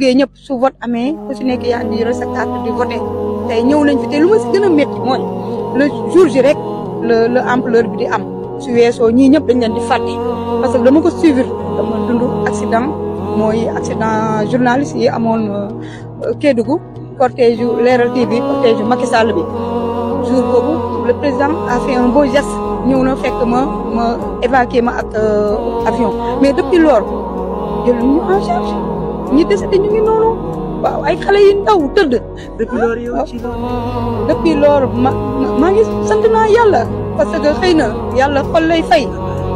gée ñëpp su vote amee ku si nekk yaa ngi yore sa carte di voté tey ñëw nañ fi te lu ma si gën a mooy le jour ji rek le ampleur bi di am su weesoo ñii ñëpp dañ leen di fàtte parce que dama ko suivre dama dund accident mooy accident journaliste yi amoon euh, Kédougou cortège Leral TV cortège Macky Sall bi jour boobu le président a fait un beau ñëw na fekk ma ma évacué ak euh, avion mais depuis lors jëluñu charge ñi décédé ñu ngi noonu waaw ay xale yi ndaw tëdd. depuis loolu yow ci loolu. depuis loolu ma maa ngi sant naa yàlla parce que xëy na yàlla xol lay fay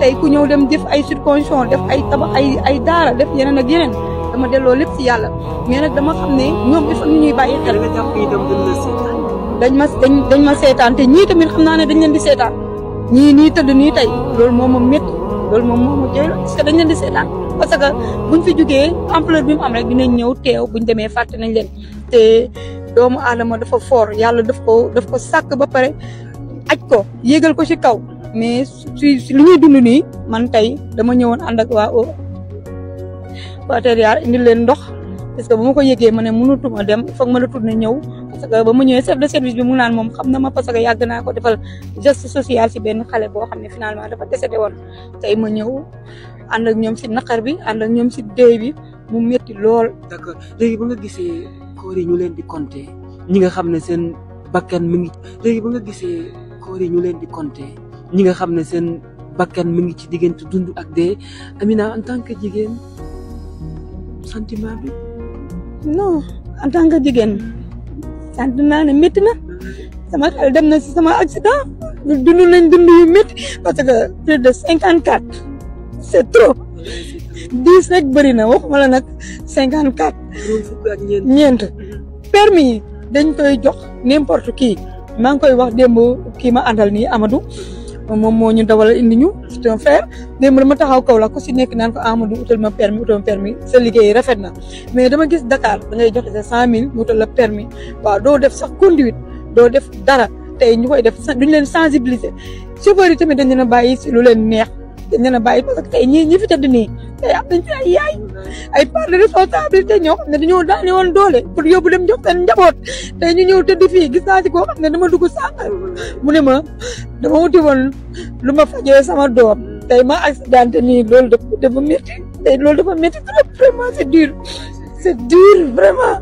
tey ku ñëw dem def ay circoncision def ay tabax ay ay daara def yeneen ak yeneen dama delloo lépp si yàlla mais dama xam ne ñoom il faut ñu ñuy bàyyi xel. nga jàpp itam dañ la seetaan. ma dañ seetaan te ñii tamit xam naa ne dañ leen di seetaan ñii nii tëdd nii tey loolu moom ma métti loolu moom moo mujjee parce que dañ leen di seetaan parce que bu buñ fi jugee ampleur bi mu am rek dinañ ñëw teew ñu demee fàtte nañ leen te doomu aadama dafa foor yàlla daf ko daf ko sàkk ba pare aj ko yéegal ko ci kaw mais si li ñuy dund nii man tey dama ñëwoon ànd ak waa waa Terre Yar indil leen ndox parce que bu ma ko yëgee ma ne mënatuma dem foog ma la tourné ñëw parce que ba mu ñëwee chef de service bi mu naan moom xam na ma parce que yàgg naa ko defal geste social si benn xale boo xam ne finalement dafa décédé woon tey ma ñëw ànd ak ñoom si naqar bi ànd ak ñoom si dëy bi mu métti lool. d'accord léegi ba nga gisee koor yi ñu leen di compter ñi nga xam ne seen bakkan mi ngi. léegi ba nga gisee koor yi ñu leen di compter ñi nga xam ne seen bakkan mi ngi ci diggante dund ak dee Amina en tant que jigéen sentiment bi. non en tant que jigéen. sant naa ne métti na sama xel dem na si sama accident dund nañ dund yu parce que plus de cinquante quatre c' est trop dix rek bëri na waxuma la nag cinquante quatre ñeent permis yi dañ koy jox n'importe kii maa ngi koy wax demboo kii ma àndal nii Amadou moom moo ñu dawal indi ñu c'est un fait démb dama taxaw kaw la ku si nekk naan ko Amadou ah, utal ma permis utal ma permis sa liggéey rafet na mais dama gis Dakar da ngay joxe sa cent mille mu utal la permis waaw doo def sax conduite doo def dara tey ñu koy def duñ leen sensibiliser chauffeur yi tamit dañ leen a bàyyi si lu leen neex dañ leen a bàyyi parce que tey ñii ñi fi tëdd nii tey am nañ fi ay yaay ne responsabilité ñoo xam ne dañoo daane woon doole pour yóbbu dem jox seen njaboot tey ñu ñëw tëdd fii gis naa ci koo xam ne dama dugg sànq mu ne ma dama wuti woon lu ma fajee sama doom tey ma accidenté nii loolu dafa dafa métti tey loolu dafa trop vraiment c'est dur vraiment